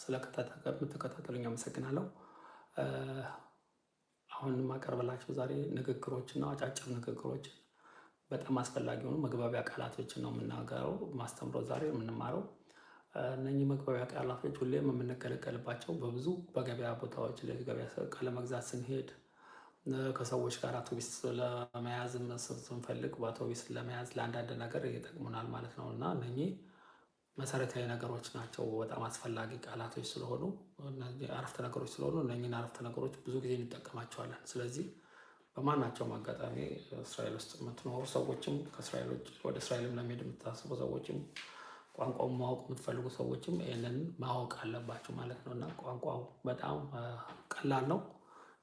ስለምትከታተሉኝ አመሰግናለሁ። አሁን የማቀርብላቸው ዛሬ ንግግሮችና አጫጭር ንግግሮች በጣም አስፈላጊ የሆኑ መግባቢያ ቃላቶችን ነው የምናገረው ማስተምረው ዛሬ የምንማረው እነኚህ መግባቢያ ቃላቶች ሁሌም የምንገለገልባቸው በብዙ በገበያ ቦታዎች ላይ ስንሄድ ከሰዎች ጋር አውቶቢስ ለመያዝ ስንፈልግ በአውቶቢስ ለመያዝ ለአንዳንድ ነገር ይጠቅሙናል ማለት ነው እና እነኚህ መሰረታዊ ነገሮች ናቸው። በጣም አስፈላጊ ቃላቶች ስለሆኑ አረፍተ ነገሮች ስለሆኑ እነኝን አረፍተ ነገሮች ብዙ ጊዜ እንጠቀማቸዋለን። ስለዚህ በማናቸውም አጋጣሚ እስራኤል ውስጥ የምትኖሩ ሰዎችም ከእስራኤል ውጭ ወደ እስራኤልም ለመሄድ የምታስቡ ሰዎችም ቋንቋውን ማወቅ የምትፈልጉ ሰዎችም ይህንን ማወቅ አለባቸው ማለት ነው እና ቋንቋው በጣም ቀላል ነው።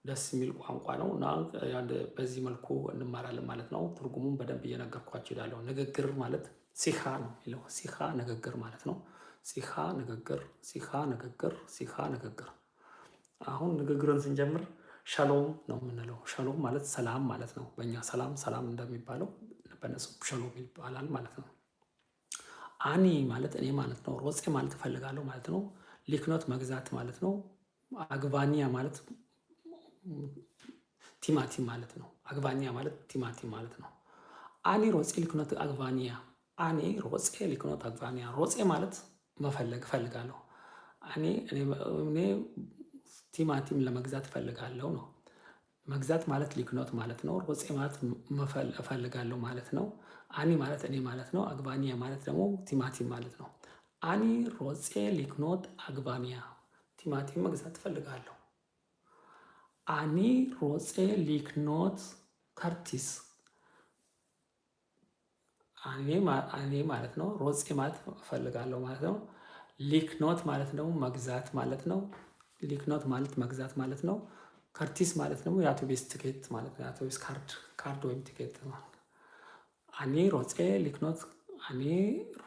ደስ የሚል ቋንቋ ነው እና በዚህ መልኩ እንማራለን ማለት ነው። ትርጉሙን በደንብ እየነገርኳቸው ሄዳለሁ ንግግር ማለት ሲሃ ነው የሚለው ሲሃ ንግግር ማለት ነው። ሲሃ ንግግር፣ ሲሃ ንግግር፣ ሲሃ ንግግር። አሁን ንግግርን ስንጀምር ሸሎም ነው የምንለው። ሸሎም ማለት ሰላም ማለት ነው። በእኛ ሰላም ሰላም እንደሚባለው በነሱ ሸሎም ይባላል ማለት ነው። አኒ ማለት እኔ ማለት ነው። ሮፄ ማለት እፈልጋለሁ ማለት ነው። ሊክኖት መግዛት ማለት ነው። አግባኒያ ማለት ቲማቲም ማለት ነው። አግባኛ ማለት ቲማቲም ማለት ነው። አኒ ሮፄ ሊክኖት አግባኒያ፣ አኒ ሮፄ ሊክኖት አግባኒያ። ሮፄ ማለት መፈለግ እፈልጋለሁ። እኔ ቲማቲም ለመግዛት እፈልጋለሁ ነው። መግዛት ማለት ሊክኖት ማለት ነው። ሮፄ ማለት እፈልጋለሁ ማለት ነው። አኒ ማለት እኔ ማለት ነው። አግባኒያ ማለት ደግሞ ቲማቲም ማለት ነው። አኒ ሮፄ ሊክኖት አግባኒያ፣ ቲማቲም መግዛት እፈልጋለሁ። አኒ ሮጼ ሊክኖት ከርቲስ አኔ ማለት ነው። ሮጼ ማለት እፈልጋለሁ ማለት ነው። ሊክኖት ማለት ደግሞ መግዛት ማለት ነው። ሊክኖት ማለት መግዛት ማለት ነው። ከርቲስ ማለት ደግሞ የአውቶቢስ ቲኬት ማለት ነው። የአውቶቢስ ካርድ ካርድ ወይም ቲኬት ማለት አኔ ሮጼ ሊክኖት አኔ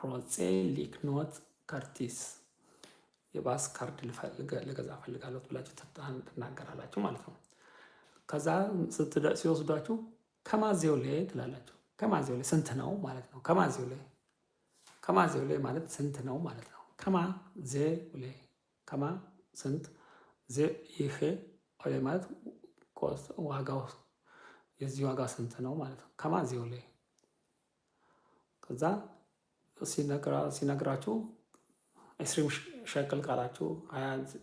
ሮጼ ሊክኖት ከርቲስ የባስ ካርድ ልገዛ ፈልጋለሁ ብላችሁ ትናገራላችሁ ማለት ነው። ከዛ ሲወስዷችሁ ከማዜው ላይ ትላላችሁ። ከማዜው ላይ ስንት ነው ማለት ነው። ከማዜው ላይ ከማዜው ላይ ማለት ስንት ነው ማለት ነው። ከማ ዜው ላይ ከማ ስንት ዜ ይሄ ላይ ማለት ዋጋው የዚህ ዋጋ ስንት ነው ማለት ነው። ከማዜው ላይ ከዛ ሲነግራችሁ ዒስሪን ሸቅል ካላችሁ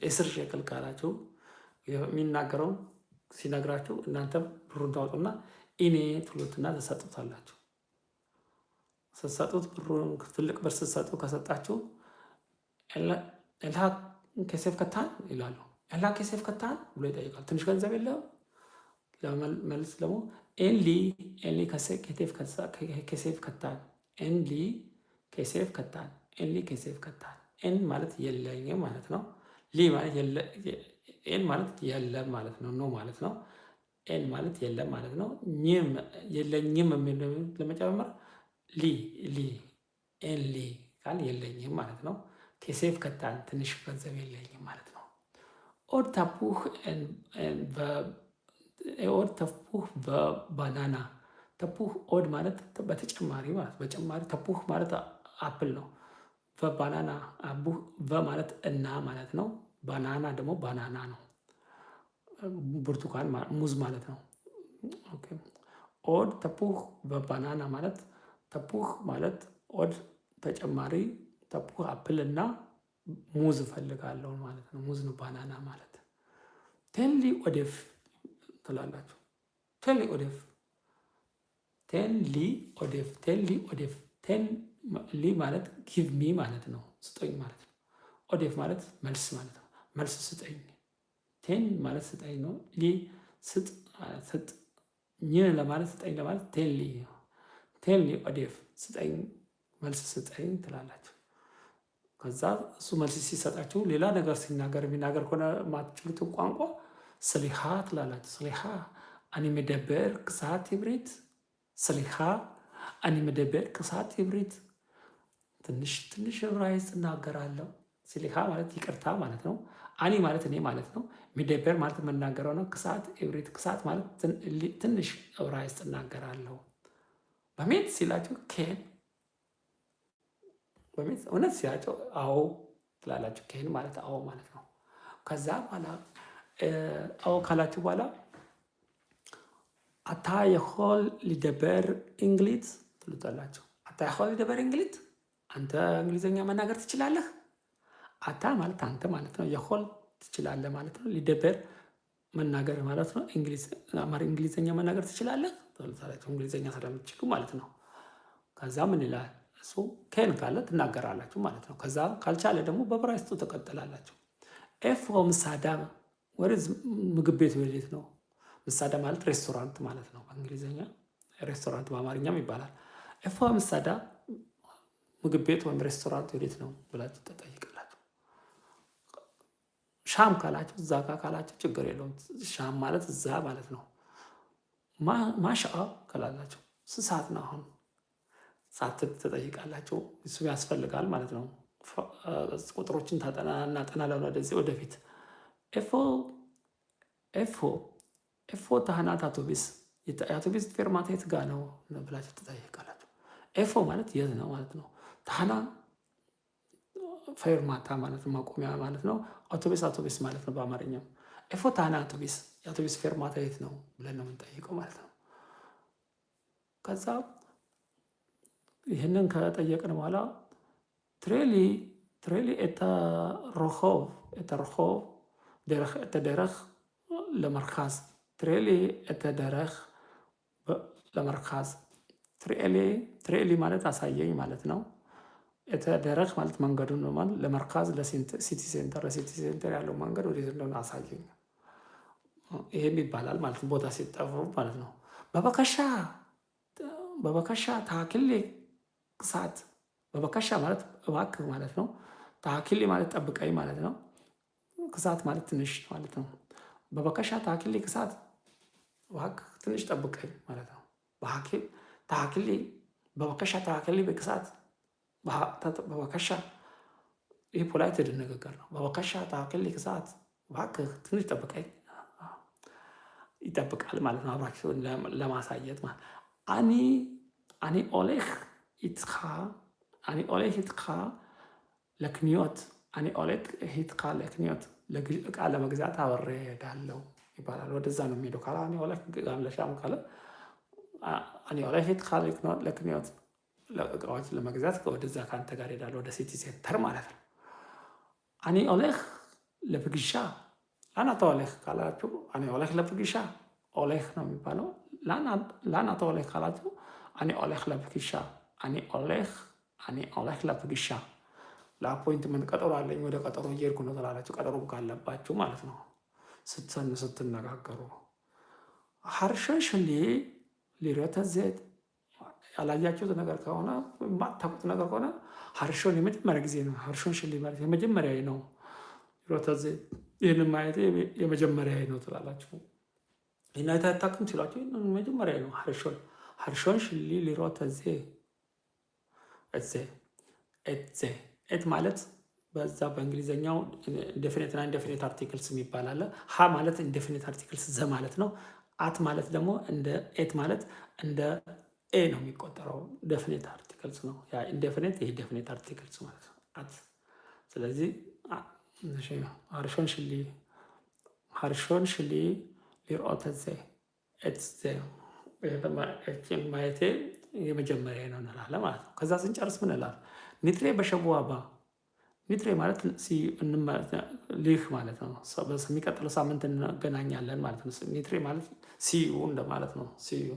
ዒስር ሸቅል ካላችሁ የሚናገረውን ሲነግራችሁ እናንተም ብሩን ታወጡና ኢኔ ትሎትና ተሰጡታላችሁ። ስትሰጡት ብሩን ትልቅ ብር ስትሰጡ ከሰጣችሁ ኤልሃ ከሴፍ ከታን ይላሉ። ኤልሃ ኬሴፍ ከታን ብሎ ይጠይቃል። ትንሽ ገንዘብ የለም ለመልስ ደግሞ ኤንሊ ኤንሊ ከሴፍ ከታን ኤንሊ ከሴፍ ከታን ኤንሊ ከሴፍ ከታን ኤን ማለት የለኝም ማለት ነው። ሊ ማለት ኤን ማለት የለም ማለት ነው። ኖ ማለት ነው። ኤን ማለት የለም ማለት ነው። ኝም የለኝም የሚል ለመጨመር ሊ ሊ ኤን ሊ ቃል የለኝም ማለት ነው። ቴሴፍ ከታን ትንሽ ገንዘብ የለኝም ማለት ነው። ኦድ ተፑህ በባናና ተፑህ ኦድ ማለት በተጨማሪ ማለት በጨማሪ ተፑህ ማለት አፕል ነው። ባናና አቡ ማለት እና ማለት ነው። ባናና ደግሞ ባናና ነው፣ ብርቱካን ሙዝ ማለት ነው። ኦድ ተፑህ በባናና ማለት ተፑህ ማለት ኦድ ተጨማሪ ተፑህ አፕል እና ሙዝ እፈልጋለሁ ማለት ነው። ሙዝ ነው ባናና ማለት። ቴንሊ ኦዴፍ ትላላችሁ። ቴንሊ ኦዴፍ ቴንሊ ኦዴፍ ቴንሊ ኦዴፍ ሊ ማለት ጊቭ ሚ ማለት ነው፣ ስጠኝ ማለት ነው። ኦዴፍ ማለት መልስ ማለት ነው። መልስ ስጠኝ። ቴን ማለት ስጠኝ ነው። ሊ ስጥ ስጥ ኝን ለማለት ስጠኝ ለማለት ቴን ሊ ቴን ሊ ኦዴፍ ስጠኝ፣ መልስ ስጠኝ ትላላችሁ። ከዛ እሱ መልስ ሲሰጣችሁ ሌላ ነገር ሲናገር የሚናገር ከሆነ ማትችሉትን ቋንቋ ስሊሃ ትላላችሁ። ስሊሃ አኒ መደበር ክሳት ይብሪት ስሊሃ አኒ መደበር ክሳት ይብሪት ትንሽ ትንሽ ዕብራይስጥ እናገራለሁ። ስሊካ ማለት ይቅርታ ማለት ነው። አኒ ማለት እኔ ማለት ነው። ሚደበር ማለት የምናገረው ነው። ክሳት ኤብሪት ክሳት ማለት ትንሽ ዕብራይስጥ እናገራለሁ። በሜት ሲላቸው ኬን በሜት እውነት ሲላቸው አዎ ትላላቸው። ኬን ማለት አዎ ማለት ነው። ከዛ በኋላ አዎ ካላችሁ በኋላ አታ የሆል ሊደበር እንግሊት ትሉታላቸው። አታ የሆል ሊደበር እንግሊት አንተ እንግሊዝኛ መናገር ትችላለህ። አታ ማለት አንተ ማለት ነው። የሆል ትችላለህ ማለት ነው። ሊደበር መናገር ማለት ነው። እንግሊዝኛ መናገር ትችላለህ እንግሊዝኛ ስለምትችሉ ማለት ነው። ከዛ ምን ይላል እሱ ኬን ካለ ትናገራላችሁ ማለት ነው። ከዛ ካልቻለ ደግሞ በብራይስቱ ተቀጥላላችሁ። ኤፍ ምሳዳ ወደዚ ምግብ ቤት ወዴት ነው? ምሳዳ ማለት ሬስቶራንት ማለት ነው። በእንግሊዝኛ ሬስቶራንት በአማርኛም ይባላል። ኤፍ ምሳዳ ምግብ ቤት ወይም ሬስቶራንት ወዴት ነው ብላችሁ ትጠይቃላችሁ። ሻም ካላችሁ እዛ ጋ ካላችሁ ችግር የለውም። ሻም ማለት እዛ ማለት ነው። ማሻ ካላላችሁ ስሳት ነው። አሁን ሳት ትጠይቃላችሁ። እሱ ያስፈልጋል ማለት ነው። ቁጥሮችን እናጠናለን ወደዚህ ወደፊት ኤፎ ኤፎ ኤፎ ታህናት አውቶቢስ የአውቶቢስ ፌርማታ የት ጋ ነው ብላችሁ ትጠይቃላችሁ። ኤፎ ማለት የት ነው ማለት ነው። ታና ፌርማታ ማለት ነው፣ ማቆሚያ ማለት ነው። አውቶቢስ አውቶቢስ ማለት ነው በአማርኛው። ኤፎ ታና አውቶቢስ፣ የአውቶቢስ ፌርማታ የት ነው ብለን ነው የምንጠይቀው ማለት ነው። ከዛ ይህንን ከጠየቅን በኋላ ትሬሊ ትሬሊ ኤታ ሮሆቭ ኤታ ሮሆቭ ደረኽ ኤታ ደረኽ ለመርካዝ ትሬሊ ኤታ ደረኽ ለመርካዝ ትሬሊ ማለት አሳየኝ ማለት ነው። የተደረግ ማለት መንገዱን ነው ማለት ለመርካዝ ለሲቲ ሴንተር ለሲቲ ሴንተር ያለው መንገድ ወዴት እንደሆነ አሳየኝ። ይሄም ይባላል ማለት ቦታ ሲጠሩ ማለት ነው። በበከሻ በበከሻ ታክሌ ሰዓት በበከሻ ማለት እባክህ ማለት ነው። ታክሌ ማለት ጠብቀኝ ማለት ነው። ክሳት ማለት ትንሽ ማለት ነው። በበከሻ ታክሌ ክሳት እባክህ ትንሽ ጠብቀኝ ማለት ነው። ታክሌ በበከሻ ታክሌ በክሳት በበከሻ ይህ ፖላይት ንግግር ነው። በበከሻ ታክልክ ሰዓት እባክህ ትንሽ ጠብቀኝ ይጠብቃል ማለት ነው። አብራችሁን ለማሳየት ማለት አኒ አኒ ኦሌህ ኢትኻ አኒ ኦሌህ ኢትኻ ለክኒዮት አኒ ኦሌት ኢትኻ ለክኒዮት እቃ ለመግዛት አብሬ እሄዳለሁ ይባላል። ወደዛ ነው የሚሄደው ካለ አኒ ኦሌህ ጋምለሻም ካለ አኒ ኦሌህ ኢትኻ ለክኒዮት እቃዎች ለመግዛት ወደዛ ከአንተ ጋር ሄዳለ ወደ ሲቲ ሴንተር ማለት ነው። አኒ ኦሌህ ለፍግሻ ላና ተወሌህ ካላችሁ፣ አኒ ኦሌህ ለፍግሻ ኦሌህ ነው የሚባለው። ላና ተወሌህ ካላችሁ፣ አኒ ኦሌህ ለፍግሻ፣ አኒ ኦሌህ፣ አኒ ኦሌህ ለፍግሻ። ለአፖይንትመንት ቀጠሮ አለኝ፣ ወደ ቀጠሮ እየሄድኩ ነው ትላላችሁ። ቀጠሮ ካለባችሁ ማለት ነው ስትሰን ስትነጋገሩ ሀርሸሽ ሊ ሊረተዜት ያላያችሁት ነገር ከሆነ የማታውቁት ነገር ከሆነ ሀርሾን የመጀመሪያ ጊዜ ነው። ሀርሾን ሽሊ ማለት የመጀመሪያ ነው። ሮተዜ ይህን ማየት የመጀመሪያ ነው ትላላችሁ እና አይታታቅም ሲሏቸው መጀመሪያ ነው። ሀርሾን ሀርሾን ሽሊ ሊሮተዜ እዜ እዜ እት ማለት በዛ በእንግሊዝኛው ኢንዴፊኒት ኢንዴፊኒትና ኢንዴፊኒት አርቲክልስ የሚባል አለ። ሀ ማለት ኢንዴፊኒት አርቲክልስ ዘ ማለት ነው። አት ማለት ደግሞ እንደ ኤት ማለት እንደ ኤ ነው የሚቆጠረው። ደፍኔት አርቲክልስ ነው ኢንደፍኔት፣ ይሄ ደፍኔት አርቲክልስ ማለት ነው አት ስለዚህ ሃርሾን ሽሊ ሃርሾን ሽሊ ሊርኦተ ዘ ኤት ማየቴ የመጀመሪያ ነው እንላለ ማለት ነው። ከዛ ስንጨርስ ምን ላል ኒትሬ በሸቡዋባ ኒትሬ ማለት ሊህ ማለት ነው። በሚቀጥለው ሳምንት እንገናኛለን ማለት ነው። ኒትሬ ማለት ሲዩ እንደማለት ነው። ሲዩ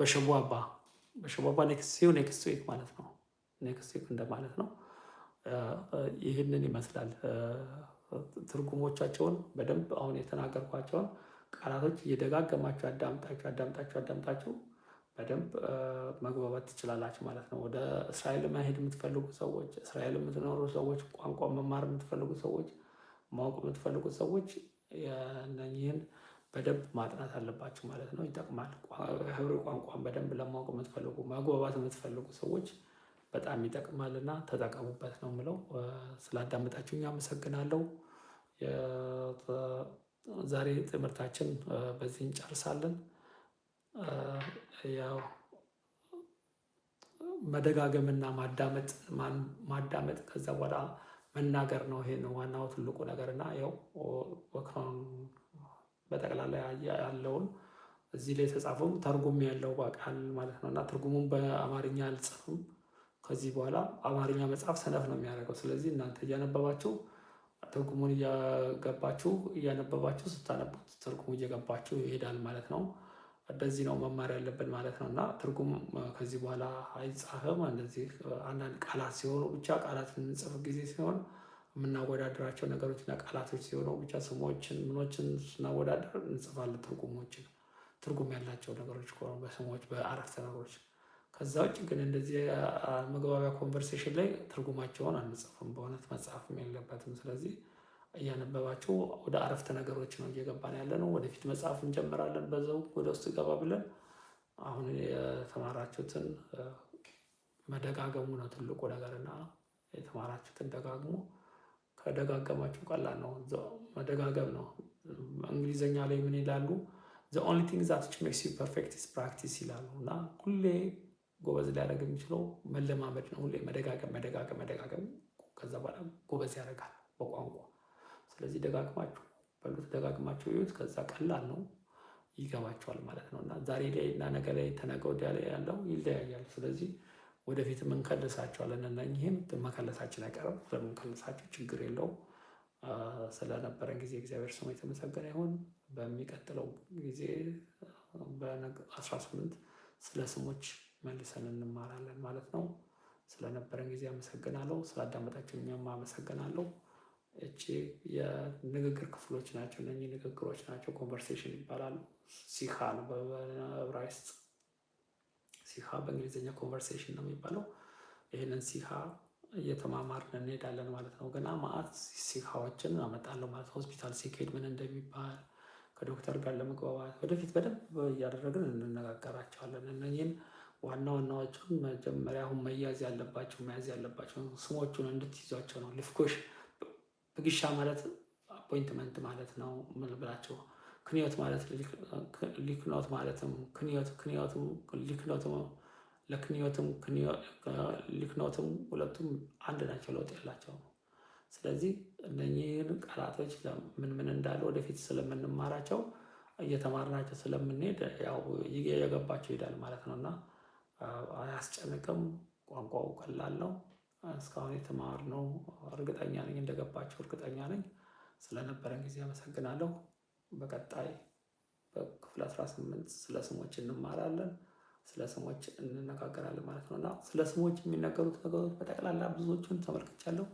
በሸቦ አባ በሸቦ አባ ኔክስት ዊክ ኔክስት ዊክ ማለት ነው። ኔክስት ዊክ እንደማለት ነው። ይህንን ይመስላል። ትርጉሞቻቸውን በደንብ አሁን የተናገርኳቸውን ቃላቶች እየደጋገማችሁ አዳምጣችሁ አዳምጣችሁ አዳምጣችሁ በደንብ መግባባት ትችላላችሁ ማለት ነው። ወደ እስራኤል መሄድ የምትፈልጉ ሰዎች፣ እስራኤል የምትኖሩ ሰዎች፣ ቋንቋ መማር የምትፈልጉ ሰዎች፣ ማወቅ የምትፈልጉ ሰዎች እነኚህን በደንብ ማጥናት አለባችሁ ማለት ነው። ይጠቅማል። ህብረ ቋንቋን በደንብ ለማወቅ የምትፈልጉ ማግባባት የምትፈልጉ ሰዎች በጣም ይጠቅማልና ተጠቀሙበት ነው የምለው። ስላዳመጣችሁኝ አመሰግናለሁ። ዛሬ ትምህርታችን በዚህ እንጨርሳለን። ያው መደጋገምና ማዳመጥ ማዳመጥ ከዛ በኋላ መናገር ነው። ይሄ ዋናው ትልቁ ነገር እና ያው በጠቅላላ ያለውን እዚህ ላይ የተጻፈውም ተርጉም ያለው በቃል ማለት ነው እና ትርጉሙን በአማርኛ አልጽፍም። ከዚህ በኋላ አማርኛ መጽሐፍ ሰነፍ ነው የሚያደርገው። ስለዚህ እናንተ እያነበባችሁ ትርጉሙን እያገባችሁ እያነበባችሁ ስታነቡት ትርጉሙ እየገባችሁ ይሄዳል ማለት ነው። እንደዚህ ነው መማር ያለብን ማለት ነው እና ትርጉም ከዚህ በኋላ አይጻፍም። እንደዚህ አንዳንድ ቃላት ሲሆኑ ብቻ ቃላት የምንጽፍ ጊዜ ሲሆን የምናወዳደራቸው ነገሮችና ቃላቶች ሲሆኑ ብቻ ስሞችን ምኖችን ስናወዳደር እንጽፋለን ትርጉሞችን ትርጉም ያላቸው ነገሮች ከሆኑ በስሞች በአረፍተ ነገሮች። ከዛ ውጭ ግን እንደዚህ መግባቢያ ኮንቨርሴሽን ላይ ትርጉማቸውን አንጽፍም፣ በእውነት መጽሐፍም የለበትም። ስለዚህ እያነበባቸው ወደ አረፍተ ነገሮች ነው እየገባን ያለ ነው። ወደፊት መጽሐፍ እንጀምራለን። በዛው ወደ ውስጥ ገባ ብለን አሁን የተማራችሁትን መደጋገሙ ነው ትልቁ ነገርና የተማራችሁትን ደጋግሞ ከደጋገማችሁ ቀላል ነው። መደጋገም ነው። እንግሊዝኛ ላይ ምን ይላሉ? ዘ ኦንሊ ቲንግ ዛት ዊች ሜክስ ዩ ፐርፌክት ኢዝ ፕራክቲስ ይላሉ እና ሁሌ ጎበዝ ሊያደርግ የሚችለው መለማመድ ነው። ሁሌ መደጋገም መደጋገም መደጋገም፣ ከዛ በኋላ ጎበዝ ያደርጋል በቋንቋ። ስለዚህ ደጋግማችሁ በሉት፣ ደጋግማችሁ ይዩት። ከዛ ቀላል ነው ይገባቸዋል ማለት ነው እና ዛሬ ላይ እና ነገ ላይ ተነገ ወዲያ ላይ ያለው ይለያያል። ስለዚህ ወደፊት እንከልሳቸዋለን እና ይህም መከለሳችን አይቀርም። ስለምንከልሳቸው ችግር የለውም። ስለነበረን ጊዜ እግዚአብሔር ስሙ የተመሰገነ ይሁን። በሚቀጥለው ጊዜ በአስራ ስምንት ስለ ስሞች መልሰን እንማራለን ማለት ነው። ስለነበረን ጊዜ አመሰግናለሁ። ስላዳመጣችሁ እኛም አመሰግናለሁ። እቺ የንግግር ክፍሎች ናቸው። እነኚህ ንግግሮች ናቸው። ኮንቨርሴሽን ይባላሉ። ሲካ ነው በዕብራይስጥ ሲሃ በእንግሊዝኛ ኮንቨርሴሽን ነው የሚባለው። ይህንን ሲሃ እየተማማርን እንሄዳለን ማለት ነው። ገና ማአት ሲሃዎችን አመጣለሁ ማለት ነው። ሆስፒታል ሲኬድ ምን እንደሚባል ከዶክተር ጋር ለመግባባት ወደፊት በደንብ እያደረግን እንነጋገራቸዋለን። እነዚህን ዋና ዋናዎቹን መጀመሪያ አሁን መያዝ ያለባቸው መያዝ ያለባቸው ስሞቹን እንድትይዟቸው ነው። ልፍኮሽ ብግሻ ማለት አፖይንትመንት ማለት ነው። ምን ብላቸው ክንዮት ማለት ሊክኖት ማለትም ክንዮት ክንዮትም ሊክኖትም ለክንዮትም ሊክኖትም ሁለቱም አንድ ናቸው፣ ለውጥ ያላቸው ስለዚህ እነኚህን ቃላቶች ምን ምን እንዳለ ወደፊት ስለምንማራቸው እየተማርናቸው ስለምንሄድ ያው የገባቸው ይሄዳል ማለት ነው እና አያስጨንቅም። ቋንቋው ቀላል ነው። እስካሁን የተማርነው እርግጠኛ ነኝ እንደገባቸው እርግጠኛ ነኝ። ስለነበረን ጊዜ አመሰግናለሁ። በቀጣይ በክፍል 18 ስለ ስሞች እንማራለን፣ ስለ ስሞች እንነጋገራለን ማለት ነው እና ስለ ስሞች የሚነገሩት ነገሮች በጠቅላላ ብዙዎቹን ተመልክቻለሁ።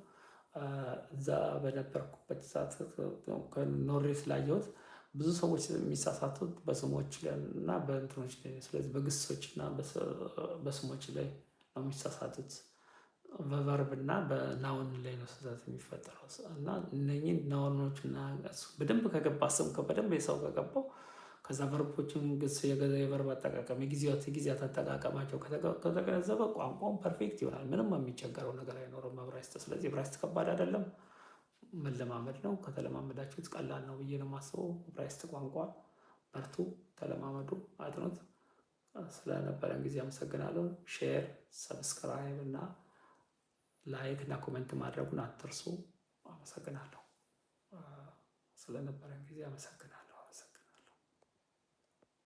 እዛ በነበርኩበት ሰዓት ኖሬ ስላየሁት ብዙ ሰዎች የሚሳሳቱት በስሞች እና በእንትኖች ላይ፣ ስለዚህ በግሶች እና በስሞች ላይ ነው የሚሳሳቱት። በቨርብና በናውን ላይ ነው ስህተት የሚፈጠረው እና እነኝን ናውኖች በደንብ ከገባ አሰብከው በደንብ የሰው ከገባው ከዛ ቨርቦችን የቨርብ አጠቃቀም የጊዜያት ጊዜያት አጠቃቀማቸው ከተገነዘበ ቋንቋውን ፐርፌክት ይሆናል። ምንም የሚቸገረው ነገር አይኖርም። እብራይስጥ ስለዚህ እብራይስጥ ከባድ አይደለም፣ መለማመድ ነው። ከተለማመዳችሁት ቀላል ነው ብዬ ነው የማስበው። እብራይስጥ ቋንቋ በርቱ፣ ተለማመዱ፣ አጥኑት። ስለነበረን ጊዜ አመሰግናለሁ። ሼር፣ ሰብስክራይብ እና ላይክ እና ኮመንት ማድረጉን አትርሱ። አመሰግናለሁ። ስለነበረን ጊዜ አመሰግናለሁ።